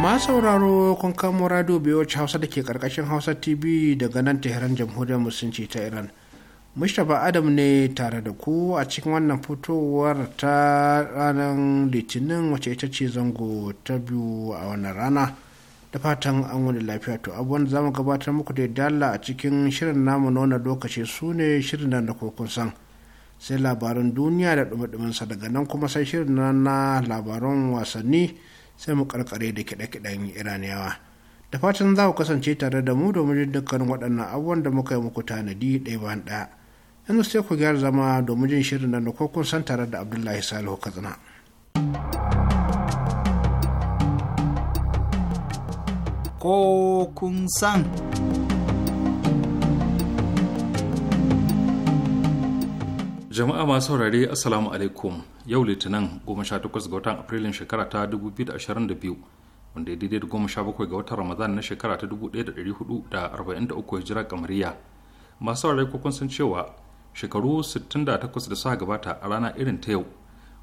ma sauraro kun kamo radio biyoci hausa da ke karkashin hausa tv daga nan tehran jamhuriyar musulunci ta iran mustapha adam ne tare da ku a cikin wannan fitowar ta ranar litinin wacce ita ce zango ta biyu a wannan rana da fatan an wani lafiya to abubuwan za mu gabatar muku da dala a cikin shirin namu na wannan lokaci su ne shirin nan da kokun san sai labaran duniya da dumi daga nan kuma sai shirin na labaran wasanni sai mu karkare da kiɗe-kiɗen iraniyawa da fatan za ku kasance tare da mu domin jin dukkan waɗannan abubuwan da muka yi muku tanadi ɗaya bayan ɗaya yanzu sai ku gyara zama domin jin shirin na ko kun san tare da abdullahi salihu katsina. ko kun san. Jama'a masu saurare Assalamu alaikum yau litinin 18 ga watan afrilun shekara ta 2022 wanda ya daidai da 17 ga watan ramadan na shekara ta 1443 hijira kamariya masu ware kukun sun cewa shekaru 68 da suka gabata a rana irin ta yau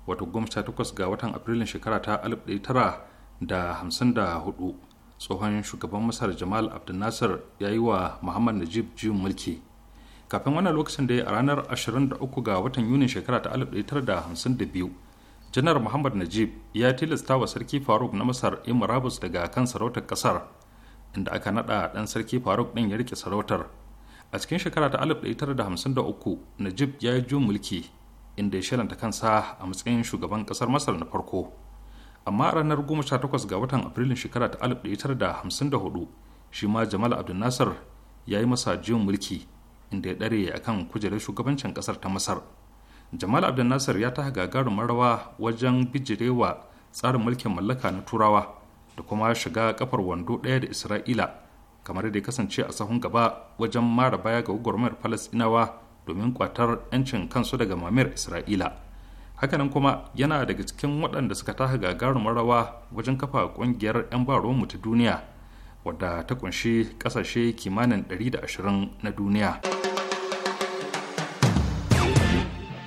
wato 18 ga watan afrilun shekara ta 1954 tsohon shugaban masar jamal abdulnasir ya yi wa muhammad najib juyin mulki kafin wannan lokacin da ya a ranar 23 ga watan yuni shekara ta 1952 janar muhammad najib ya tilasta wa sarki faruk na masar yin murabus daga kan sarautar kasar inda aka nada dan sarki faruk din ya rike sarautar a cikin shekara ta 1953 najib ya yi jun mulki inda ya shalanta kansa a matsayin shugaban kasar masar na farko amma a ranar 18 ga watan afrilun shekara ta 1954 shi ma jamal abdul nasir ya yi masa jin mulki inda ya ɗare a kan kujerar shugabancin ƙasar ta masar jamal abdul nasir ya taha gagarumar rawa wajen bijirewa tsarin mulkin mallaka na turawa da kuma shiga kafar wando ɗaya da isra'ila kamar da ya kasance a sahun gaba wajen mara baya ga gwagwarmar Falasinawa domin kwatar 'yancin kansu daga mamayar isra'ila hakanan kuma yana daga cikin waɗanda suka taha gagarumar rawa wajen kafa ƙungiyar 'yan baronmu ta duniya wadda ta kunshi kasashe kimanin 120 na duniya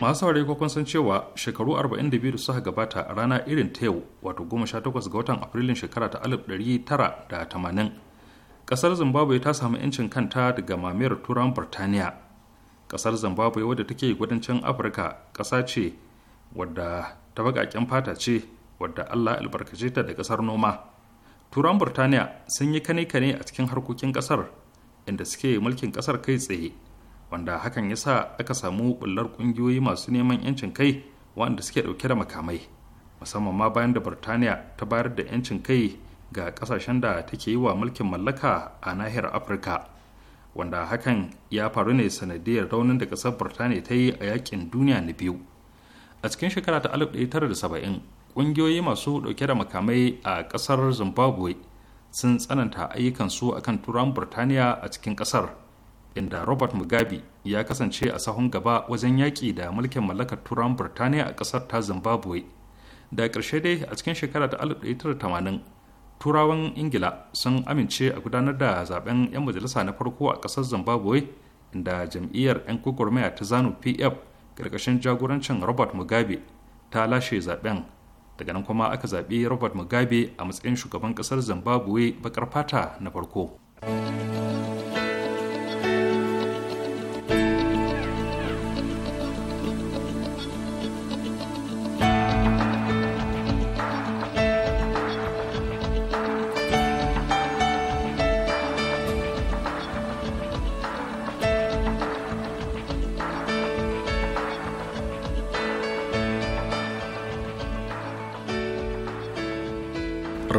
masu saurari ko kun san cewa shekaru 42 da suka gabata a rana irin ta yau wato 18 ga watan afrilun shekara ta 1980 kasar zimbabwe ta samu 'yancin kanta daga mamayar turan birtaniya kasar zimbabwe wadda take kudancin afirka kasa ce wadda ta baƙaƙen fata ce wadda allah albarkace ta da kasar noma turan burtaniya sun yi kane-kane a cikin harkokin kasar inda suke mulkin kasar kai tsaye wanda hakan ya sa aka samu bullar ƙungiyoyi masu neman 'yancin kai waɗanda suke ɗauke da makamai musamman ma bayan da burtaniya ta bayar da 'yancin kai ga ƙasashen da take yi wa mulkin mallaka a nahiyar afirka wanda hakan ya faru ne sanadiyar raunin da ƙasar burtaniya ta yi a yaƙin duniya na biyu a cikin shekara ta 1970 ƙungiyoyi masu ɗauke da makamai a ƙasar zimbabwe sun tsananta ayyukansu a kan turan burtaniya a cikin ƙasar inda robert mugabe ya kasance a sahun gaba wajen yaƙi da mulkin mallakar turan burtaniya a ƙasar ta zimbabwe da ƙarshe dai a cikin shekara ta 1980 turawan ingila sun amince a gudanar da zaben 'yan majalisa na farko a ƙasar zimbabwe inda jam'iyyar 'yan gwagwarmaya ta zanu pf ƙarƙashin jagorancin robert mugabe ta lashe zaben daga nan kuma aka zaɓi robert mugabe a matsayin shugaban ƙasar zimbabwe baƙar fata na farko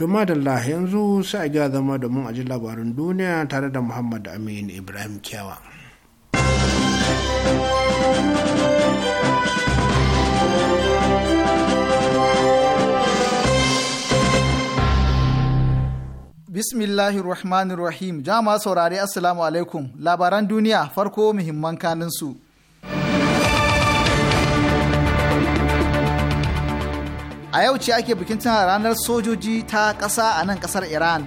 to madalla yanzu sai a gaya zama domin a ji labarin duniya tare da muhammad amin ibrahim kyawa Bismillahir Rahmanir Rahim, jama saurare Assalamu alaikum, labaran duniya farko muhimman kaninsu. a yau ce ake bikin tana ranar sojoji ta ƙasa a nan ƙasar iran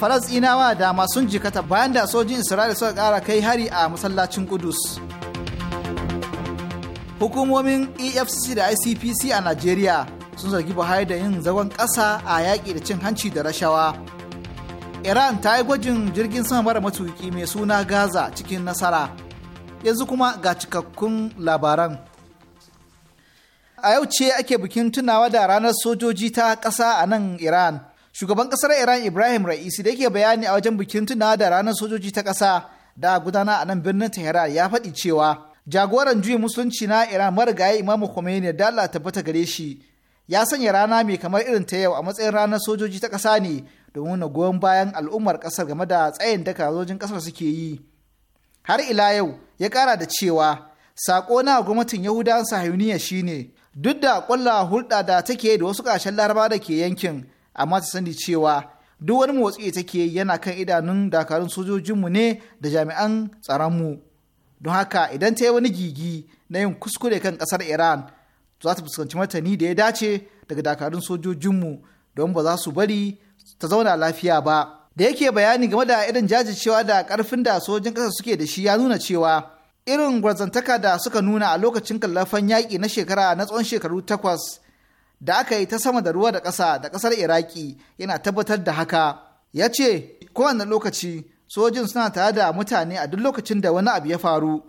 falasɗinawa da masu jikata bayan da sojin isra'ila suka ƙara kai hari a masallacin kudus hukumomin efcc da icpc a najeriya sun zargi buhari da yin zagon ƙasa a yaƙi da cin hanci da rashawa iran ta yi gwajin jirgin sama mara matuƙi mai suna gaza cikin nasara yanzu kuma ga cikakkun labaran a yau ce ake bikin tunawa da ranar sojoji ta ƙasa a nan Iran. Shugaban ƙasar Iran Ibrahim Ra'isi da yake bayani a wajen bikin tunawa da ranar sojoji ta ƙasa da gudana a nan birnin Tehran ya faɗi cewa jagoran juyin musulunci na Iran marigayi Imam Khomeini da Allah tabbata gare shi ya sanya rana mai kamar irin ta yau a matsayin ranar sojoji ta ƙasa ne domin na goyon bayan al'ummar ƙasar game da tsayin da sojojin ƙasar suke yi. Har ila yau ya ƙara da cewa saƙo na gwamnatin Yahudawan Sahiyuniya shine duk da kwalla hulɗa da take da wasu kashen laraba da ke yankin amma ta sani cewa duk wani motsi take yana kan idanun dakarun sojojinmu ne da jami'an tsaron mu. don haka idan ta yi wani gigi na yin kuskure kan ƙasar iran za ta fuskanci martani da ya dace daga dakarun sojojinmu don ba za su bari ta zauna lafiya ba da yake bayani game da irin jajircewa da ƙarfin da sojin ƙasa suke da shi ya nuna cewa irin gwarzantaka da suka nuna a lokacin kallafan yaƙi na shekara na tsawon shekaru takwas da aka yi ta sama da ruwa da ƙasa da ƙasar iraki yana tabbatar da haka ya ce kowane lokaci sojin suna tare da mutane a duk lokacin da wani abu ya faru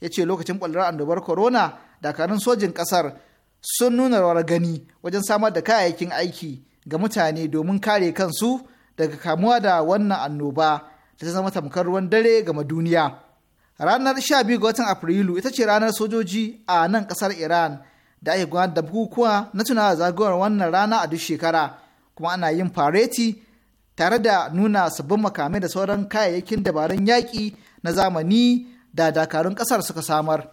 ya ce lokacin ɓullar annobar corona dakarun sojin ƙasar sun nuna rawar gani wajen samar da kayayyakin aiki ga mutane domin kare kansu daga kamuwa da wannan annoba da ta zama tamkar ruwan dare gama duniya. ranar 12 ga watan afrilu ita ce ranar sojoji a nan kasar iran da ake gudanar da bukukuwa na tunawa zagayowar wannan rana a duk shekara kuma ana yin fareti tare da nuna sabbin makamai da sauran kayayyakin dabarun yaƙi na zamani da dakarun ƙasar suka samar.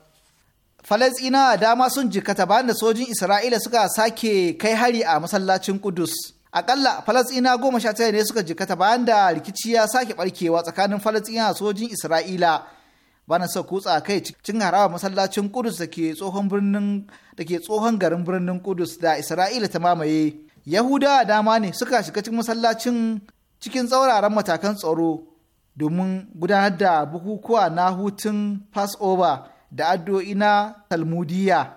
Falasina a dama sun jikata bayan da sojin Isra'ila suka sake kai hari a masallacin Kudus. Akalla Falasina goma sha tara ne suka jikata bayan da rikici ya sake barkewa tsakanin Falasina sojin Isra'ila bana sau kutsa kai cikin harawa masallacin kudus da ke tsohon garin birnin kudus da isra'ila ta mamaye yahudawa dama ne suka shiga cikin masallacin cikin tsauraran matakan tsaro domin gudanar da bukukuwa na hutun passover da addu'o'i na Talmudiyya.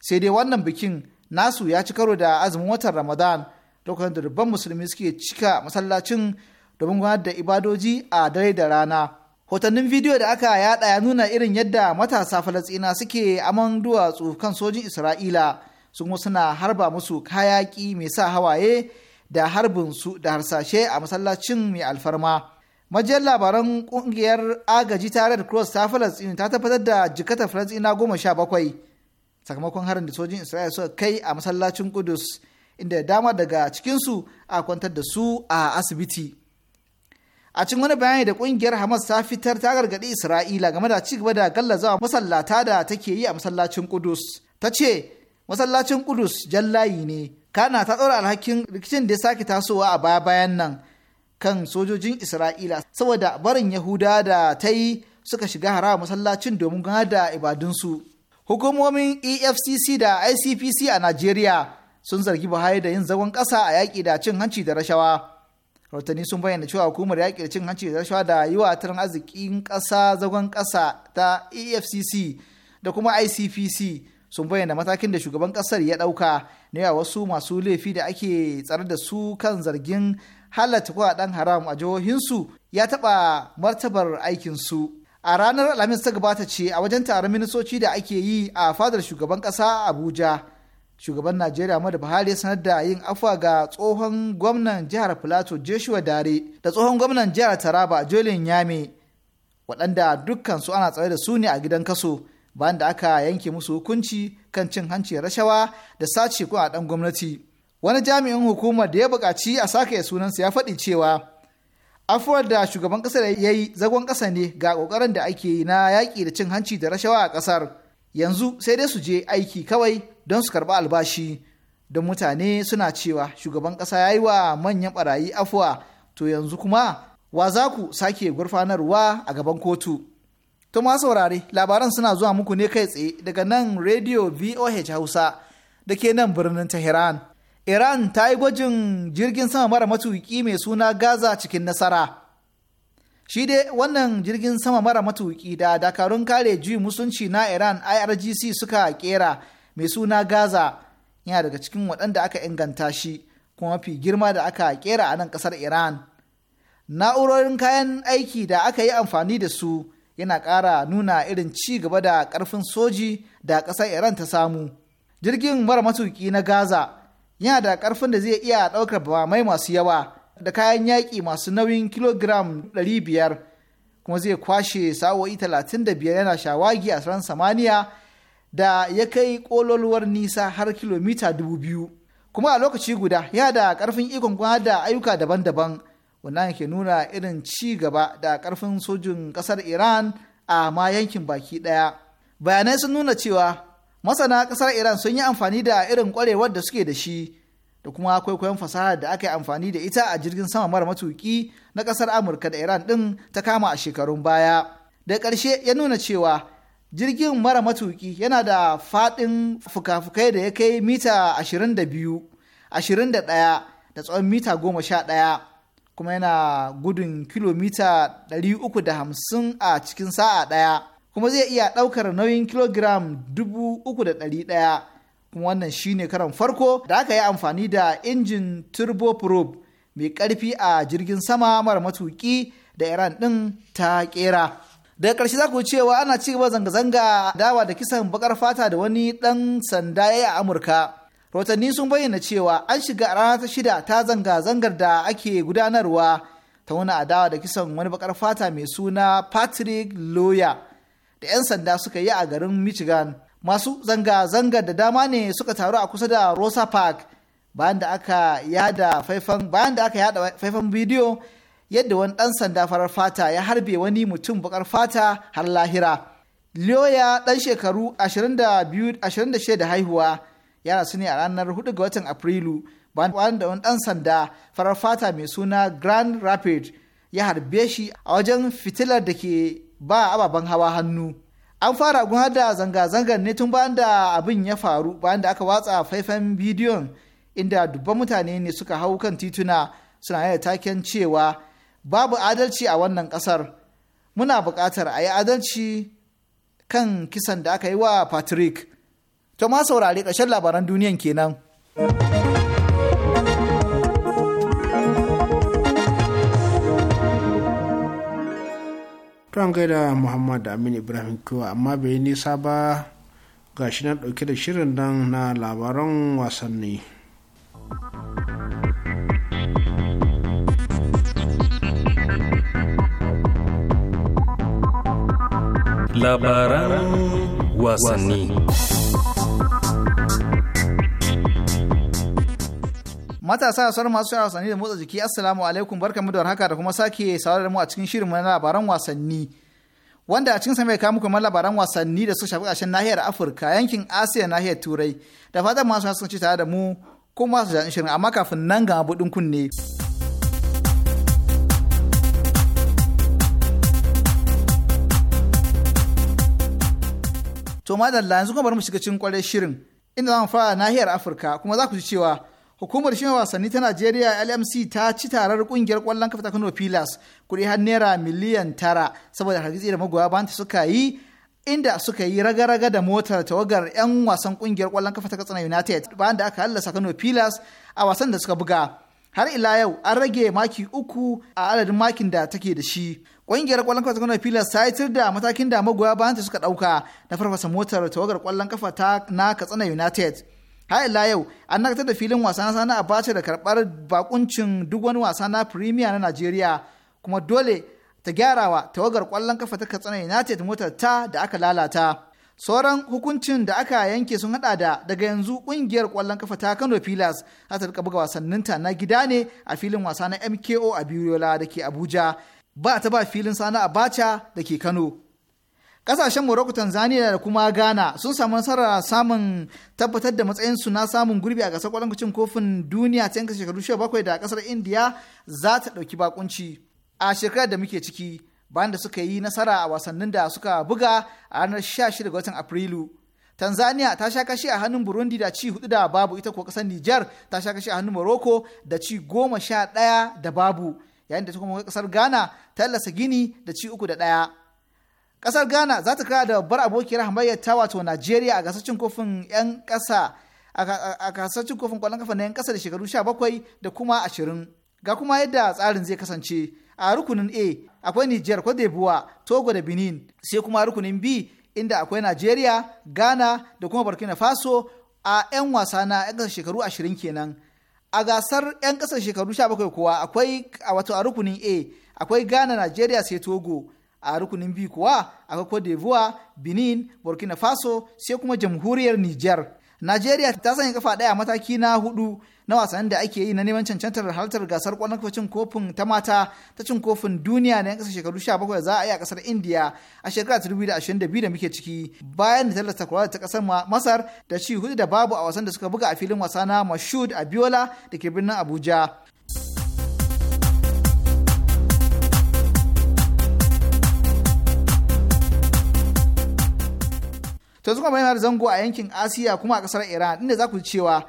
sai dai wannan bikin nasu ya ci karo da azumin watan ramadan lokacin da dubban musulmi suke cika masallacin domin gudanar da ibadoji a dare da rana hotannin bidiyo da aka yada ya nuna irin yadda matasa falastina suke aman duwatsu kan sojin isra'ila sun suna harba musu kayaki mai sa hawaye da harbin su da harsashe a masallacin mai alfarma majiyar labaran ƙungiyar agaji tare da cross ta falastin ta tabbatar da jikata falastina goma sha bakwai sakamakon harin da sojin isra'ila suka kai a masallacin kudus inda dama daga cikinsu a kwantar da su a asibiti a cikin wani bayani da kungiyar hamas ta fitar ta gargaɗi isra'ila game da cigaba da gallazawa masallata da take yi a masallacin kudus ta ce masallacin kudus jallayi ne kana ta tsora alhakin rikicin da ya sake tasowa a baya bayan nan kan sojojin isra'ila saboda barin yahuda da ta yi suka shiga harawa masallacin domin gana da ibadunsu hukumomin efcc da icpc a najeriya sun zargi buhari da yin zagon ƙasa a yaƙi da cin hanci da rashawa rahotanni sun bayyana cewa hukumar yaƙi da cin hanci da rashawa da yi wa tattalin arzikin ƙasa zagon ƙasa ta efcc da kuma icpc sun bayyana matakin da shugaban ƙasar ya ɗauka na yawa wasu masu laifi da ake tsare da su kan zargin halatta ɗan haram a jihohinsu ya taɓa martabar aikinsu a ranar alhamis ta gabata ce a wajen taron ministoci da ake yi a fadar shugaban ƙasa abuja shugaban najeriya madu buhari sanar da yin afuwa ga tsohon gwamnan jihar Filato joshua dare da tsohon gwamnan jihar taraba jolin yami waɗanda dukkan su ana tsare da su ne a gidan kaso bayan da aka yanke musu hukunci kan cin hanci rashawa da sace ko a ɗan gwamnati wani jami'in hukumar da ya buƙaci a sake sunansa ya faɗi cewa afuwar da shugaban ƙasar ya yi zagon ƙasa ne ga ƙoƙarin da ake yi na yaƙi da cin hanci da rashawa a ƙasar yanzu sai dai su je aiki kawai don su karɓi albashi don mutane suna cewa shugaban ƙasa ya yi wa manyan ɓarayi afuwa to yanzu kuma wa za ku sake gurfanarwa a gaban kotu. To ma saurare labaran suna zuwa muku ne kai tsaye daga nan Radio VOH Hausa da ke nan birnin Tehran. Iran ta yi gwajin jirgin sama mara matuƙi mai suna Gaza cikin nasara. shi dai wannan jirgin sama mara matuki da dakarun kare juyin musulunci na iran irgc suka kera mai suna gaza yana daga cikin waɗanda aka inganta shi kuma mafi girma da aka kera a nan ƙasar iran na'urorin kayan aiki da aka yi amfani da su yana ƙara nuna irin ci gaba da ƙarfin soji da ƙasar iran ta samu jirgin mara matuki na gaza yana da ƙarfin da zai iya ɗaukar bamai masu yawa da kayan yaƙi masu nauyin kilogiram 500 kuma zai kwashe sa'o'i 35 yana shawagi a sararin samaniya da ya kai ƙololuwar nisa har kilomita 2000 kuma a lokaci guda ya da ƙarfin ikon kuma da ayyuka daban-daban wannan ke nuna irin ci gaba da ƙarfin sojin ƙasar iran a ma yankin baki ɗaya bayanai sun nuna cewa masana ƙasar iran sun yi amfani da irin ƙwarewar da suke da shi da kuma kwaikwayon fasaha da aka yi amfani da ita a jirgin sama mara matuki na kasar amurka da iran din ta kama a shekarun baya da ƙarshe ya nuna cewa jirgin mara matuki yana da faɗin fuka-fukai da ya kai mita 22 21 da tsawon mita 11 kuma yana gudun kilomita 350 a cikin sa'a ɗaya kuma zai iya ɗaukar nauyin kilogiram 3,100 wannan shine karan farko da aka yi amfani da injin turboprop mai karfi a jirgin sama mara matuki da iran din ta kera daga ƙarshe za ku cewa ana ci gaba zanga-zanga dawa da kisan bakar fata da wani ɗan sanda ya yi a amurka rahotanni sun bayyana cewa an shiga a rana ta shida ta zanga-zangar da ake gudanarwa ta wani adawa da kisan wani bakar fata mai suna patrick lawyer da 'yan sanda suka yi a garin michigan masu zanga-zanga da dama ne suka taru a kusa da rosa park bayan da aka yada faifan bidiyo yadda wani ɗan sanda farar fata ya harbe wani mutum bakar fata har lahira Lioya ɗan shekaru 26 da haihuwa yana su ne a ranar 4 ga watan Afrilu bayan da wani ɗan sanda farar fata mai suna Grand Rapid ya harbe shi a wajen fitilar da ke ba ababen hawa hannu. an fara gudanar da zanga-zangar ne tun bayan da abin ya faru bayan da aka watsa faifan bidiyon inda dubban mutane ne suka hau kan tituna suna yaya taken cewa babu adalci a wannan kasar muna buƙatar a yi adalci kan kisan da aka yi wa patrick to ma saurari ƙarshen labaran duniyan kenan. an gaida muhammad amin ibrahim kiwa amma bai yi nisa ba ga shi na ɗauke da shirin nan na labaran wasanni labaran wasanni matasa sauran masu shawarar wasanni da motsa jiki assalamu alaikum mu da warhaka da kuma sake saurare da mu a cikin shirin na labaran wasanni wanda a cikin sa mai kawo muku labaran wasanni da suka shafi ƙarshen nahiyar Afirka yankin Asiya nahiyar Turai da fatan masu sun ci tare da mu kuma su jaɗin shirin amma kafin nan ga buɗin kunne. To madalla yanzu kuma bari mu shiga cikin kwarai shirin inda za mu fara nahiyar Afirka kuma za ku ji cewa hukumar shirin wasanni ta najeriya lmc ta ci tarar kungiyar kwallon kafa ta kano pilas kuɗi har naira miliyan tara saboda hargitsi da magoya banta suka yi inda suka yi raga-raga da motar tawagar 'yan wasan kungiyar kwallon kafa ta katsina united bayan da aka hallasa kano pilas a wasan da suka buga har ila yau an rage maki uku a adadin makin da take da shi kungiyar kwallon kafa ta kano pilas ta yitar da matakin da magoya bayan ta suka dauka na farfasa motar tawagar kwallon kafa ta na katsina united har ila yau an nakatar da filin wasa na sana abacha da karbar bakuncin duk wani wasa na premier na najeriya kuma dole ta gyarawa tawagar kwallon kafa ta katsina united motar ta da aka lalata sauran hukuncin da aka yanke sun hada da daga yanzu kungiyar kwallon kafa ta kano pilas za ta rika buga wasanninta na gida ne a filin wasa na mko a biyola da ke abuja ba ta ba filin sana abacha da ke kano kasashen Morocco, Tanzania da kuma Ghana sun samu nasarar samun tabbatar da matsayinsu na samun gurbi a gasar kwallon kofin duniya ta yanka shekaru 17 da kasar India za ta dauki bakunci a shekarar da muke ciki bayan da suka yi nasara a wasannin da suka buga a ranar 16 ga watan Afrilu. Tanzania ta sha kashi a hannun Burundi da ci hudu da babu ita ko kasar niger ta sha kashi a hannun Morocco da ci goma sha daya da babu yayin da ta kuma kasar Ghana ta lasa gini da ci uku da daya. kasar Ghana za ta kara da babbar abokiyar hamayyar ta wato nigeria a gasar cin kofin 'yan kasa a gasar cin kofin kwallon kafa na 'yan kasa da shekaru 17 da kuma 20. Ga kuma yadda tsarin zai kasance. A rukunin A akwai Nijar, Cote Togo da Benin. Sai kuma rukunin B inda akwai nigeria Ghana da kuma Burkina Faso a 'yan wasa na 'yan kasa shekaru 20 kenan. a gasar 'yan kasar shekaru 17 kuwa akwai a wato a rukunin a akwai ghana nigeria sai togo a rukunin biyu kuwa akwai Cote d'Ivoire, Benin, Burkina Faso sai kuma jamhuriyar Niger. Najeriya ta sanya kafa ɗaya mataki na hudu na wasannin da ake yi na neman cancantar halartar gasar kwanan cin kofin ta mata ta cin kofin duniya na 'yan kasa shekaru 17 za a yi a ƙasar India a shekara 2022 da muke ciki bayan da tallata kula ta ƙasar Masar da ci hudu da babu a wasan da suka buga a filin wasa na Mashud Abiola da ke birnin Abuja. to suka bayyana zango a yankin asiya kuma a kasar iran inda za ku ji cewa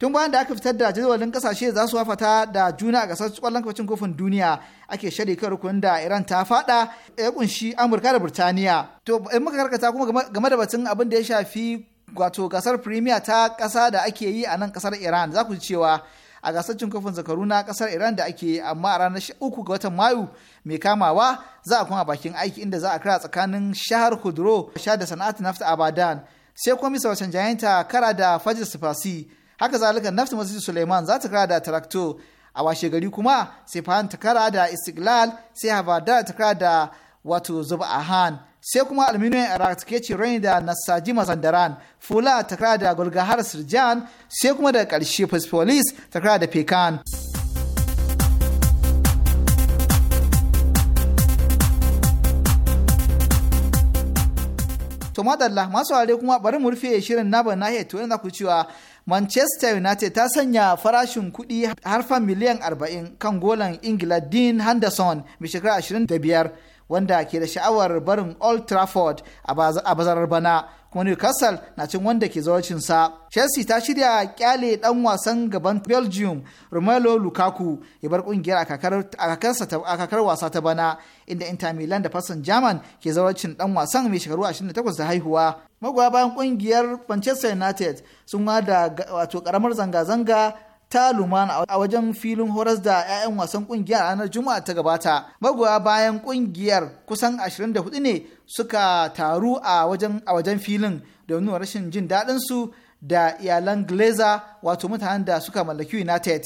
tun bayan da aka fitar da jadawalin kasashe za su wafata da juna a gasar kwallon kafacin kofin duniya ake shari kan rukun da iran ta fada ya kunshi amurka da birtaniya to in muka karkata kuma game da batun abin da ya shafi wato gasar premier ta kasa da ake yi a nan kasar iran za ku ji cewa a gasar cin kofin zakaru na kasar iran da ake amma a ranar uku ga watan mayu mai kamawa za a kuma bakin aiki inda za a kira tsakanin shahar kudro sha da sana'at nafta abadan sai kuma misa wacan jayanta kara da fajar sifasi haka zalika nafta masjid suleiman za ta kara da tarakto a washe gari kuma sai fahan ta kara da istiklal sai habada ta kara da wato zuba a ahan sai kuma aluminium iraq ke ce rain da nasaji mazandaran fula takara da gulgahar sirjan sai kuma da ƙarshe fosfolis takara da pekan. to madalla masu ware kuma bari mu rufe shirin na nahiyar turai na ku cewa manchester united ta sanya farashin kuɗi harfa miliyan 40 kan golan ingila dean henderson mai shekara 25 wanda ke da sha'awar barin Old Trafford a bazarar bana kuma Newcastle na cin wanda ke zauracin Chelsea ta shirya kyale dan wasan gaban Belgium Romelu Lukaku ya bar kungiyar a kakar wasa ta bana inda Inter Milan da Fasan German ke zawarcin dan wasan mai shekaru 28 da haihuwa. Magoya bayan kungiyar Manchester United sun da wato karamar zanga-zanga ta lumana a wajen filin horas da 'ya'yan wasan kungiyar ranar juma'a ta gabata magoya bayan kungiyar kusan 24 ne suka taru a wajen a wajen filin domin rashin jin daɗin su da iyalan glazer wato mutanen da suka mallaki united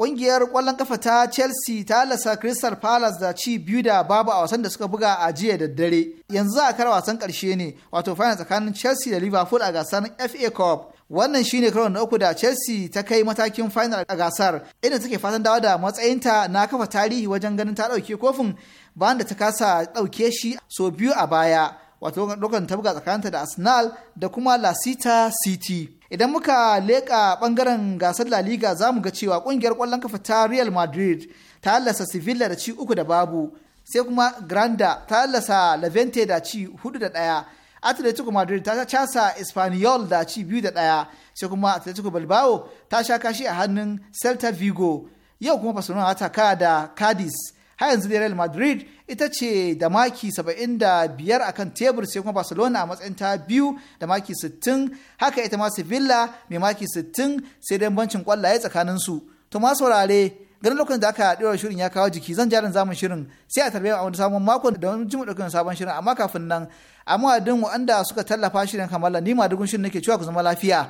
Ƙungiyar kwallon kafa ta Chelsea ta lasa Crystal Palace da ci biyu da babu a wasan da suka buga a jiya da dare. Yanzu za a kara wasan ƙarshe ne, wato final tsakanin Chelsea da Liverpool a gasar FA Cup. wannan shine karo na uku da chelsea ta kai matakin final a gasar inda take fatan dawo da matsayinta na kafa tarihi wajen ganin ta ɗauke kofin bayan da ta kasa ɗauke shi sau biyu a baya wato lokacin ta buga tsakaninta da arsenal da kuma La lasita city idan muka leka bangaren gasar la liga za mu ga cewa ƙungiyar ƙwallon kafa ta real madrid ta halasa sevilla da ci uku da babu sai kuma granda ta halasa levante da ci hudu da ɗaya atletico madrid ta casa espanyol da ci biyu da ɗaya sai kuma atletico bilbao ta sha kashi a hannun celta vigo yau kuma barcelona ta kara da cadiz har yanzu da real madrid ita ce da maki 75 akan tebur sai kuma barcelona a matsayin ta biyu da maki 60 haka ita ma sevilla mai maki 60 sai dan bancin kwallaye tsakanin su to ma saurare ganin lokacin da aka ɗora shirin ya kawo jiki zan jarin zamun shirin sai a tarbiyyar a wani sabon makon da wani jimu ɗaukan sabon shirin amma kafin nan amma adin waɗanda suka tallafa shirin kamala ni ma dugun shirin nake cewa ku zama lafiya.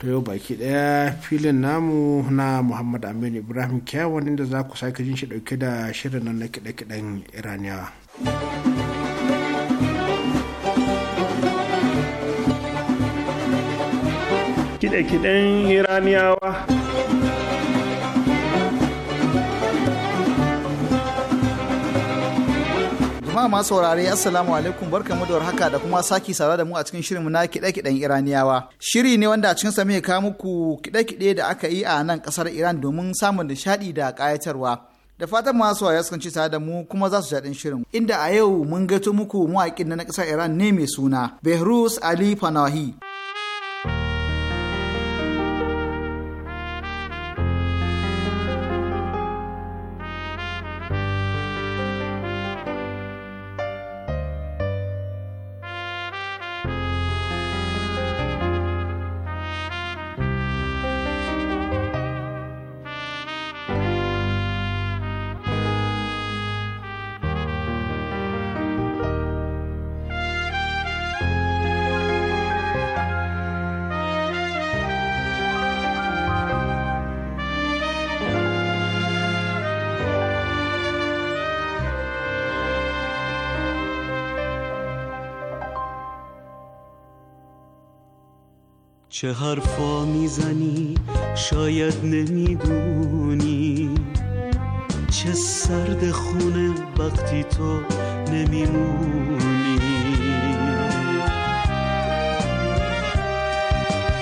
to yau baki daya filin namu na muhammad aminu ibrahim kyawun inda za ku sake jin shi dauke da shirin nan na kiɗe-kiɗen iraniya kiɗe-kiɗen iraniyawa jama'a masu saurare assalamu alaikum barkamu da warhaka da kuma saki saurare da mu a cikin shirin na kiɗe-kiɗen iraniyawa shiri ne wanda a cikin sa muke kawo muku kiɗe-kiɗe da aka yi a nan kasar iran domin samun nishaɗi da kayatarwa da fatan masu saurare sun ci tare da mu kuma za su jaɗin shirin inda a yau mun gaito muku mawaƙin na kasar iran ne mai suna behrus ali fanahi چه حرفا میزنی شاید نمیدونی چه سرد خونه وقتی تو نمیمونی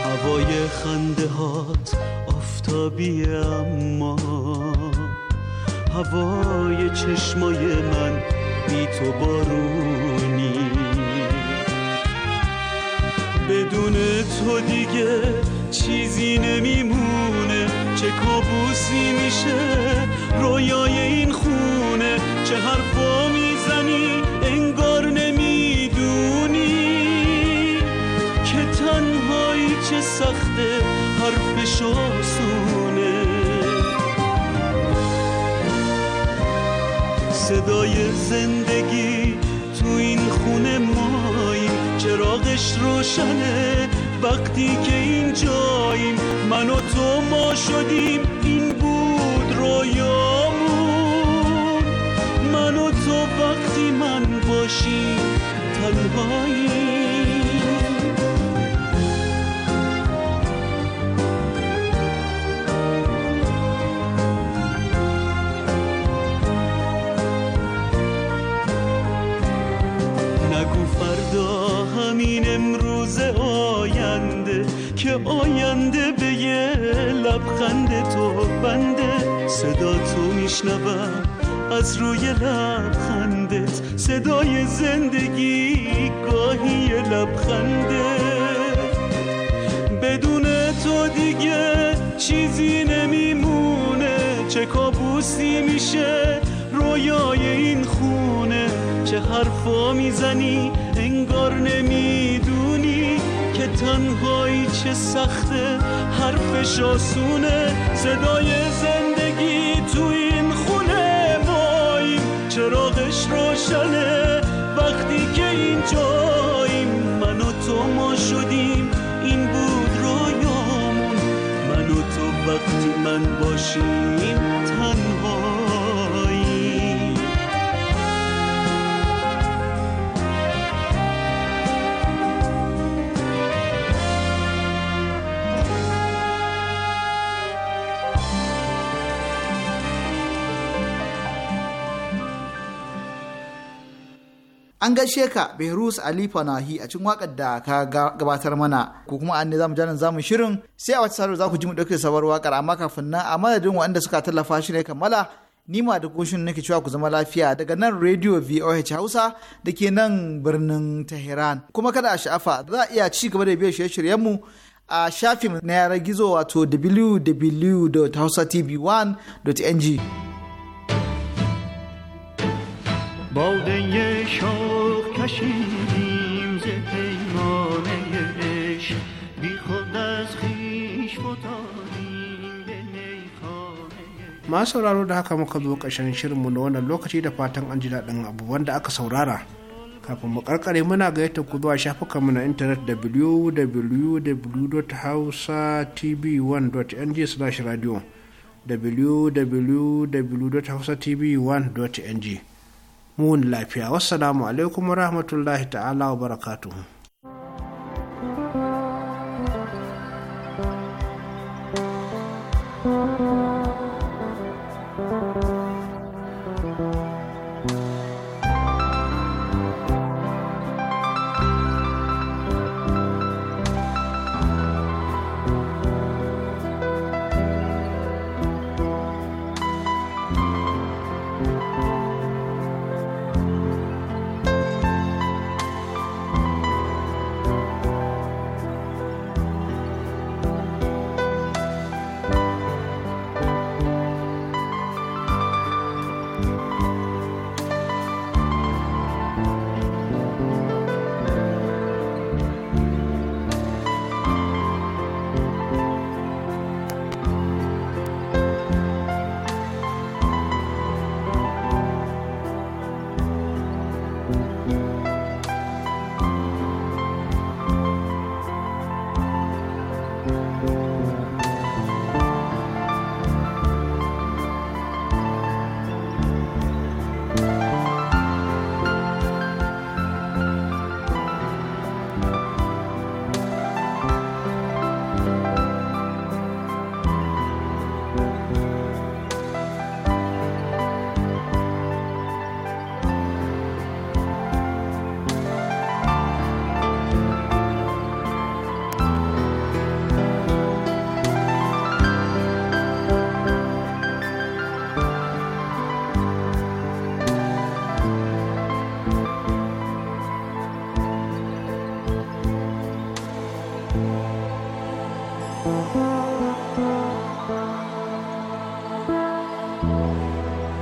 هوای خنده هات آفتابی اما هوای چشمای من بی تو بارون بدون تو دیگه چیزی نمیمونه چه کابوسی میشه رویای این خونه چه حرفا میزنی انگار نمیدونی که تنهایی چه سخته حرفش آسونه صدای زندگی چشمش روشنه وقتی که این جاییم من و تو ما شدیم این بود رویامون من و تو وقتی من باشیم تنهاییم همین امروز آینده که آینده به یه لبخند تو بنده صدا تو میشنوم از روی لبخندت صدای زندگی گاهی لبخنده بدون تو دیگه چیزی نمیمونه چه کابوسی میشه رویای این خونه چه حرفا میزنی انگار نمیدونی که تنهایی چه سخته حرفش آسونه صدای زندگی تو این خونه ماییم چراغش روشنه وقتی که اینجاییم من و تو ما شدیم این بود رویامون منو تو وقتی من باشیم تنها an gaishe ka Behrus Ali Fanahi a cikin wakar da ka gabatar mana ko kuma an ne zamu janin zamu shirin sai a wata sarwa za ku ji mu dauke sabar wakar amma kafin nan a madadin waɗanda suka tallafa shi ne kammala ni ma da goshin nake cewa ku zama lafiya daga nan Radio VOH Hausa da ke nan birnin Tehran kuma kada a sha'afa za a iya ci gaba da biyan shirye-shiryen mu a shafin na yanar gizo wato www.hausatv1.ng بادن شام کشیدیم ز بی خود از خیش sauraro da haka muka zo ƙarshen shirinmu na wannan lokaci da fatan an ji daɗin abubuwan da aka saurara kafin mu karkare muna gayyata ku zuwa shafukanmu na intanet www.hausatv1.ng/radio www.hausatv1.ng mun lafiya wassalamu alaikum warahmatullahi rahmatullahi ta'ala wa barakatuhu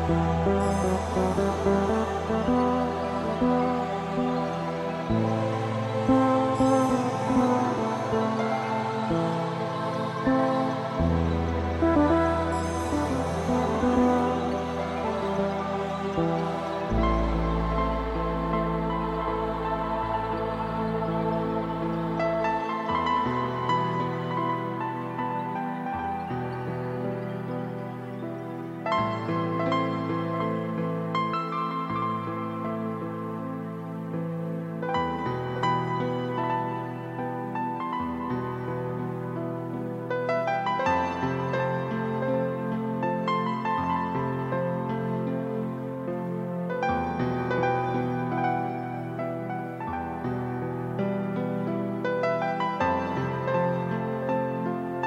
Thank you.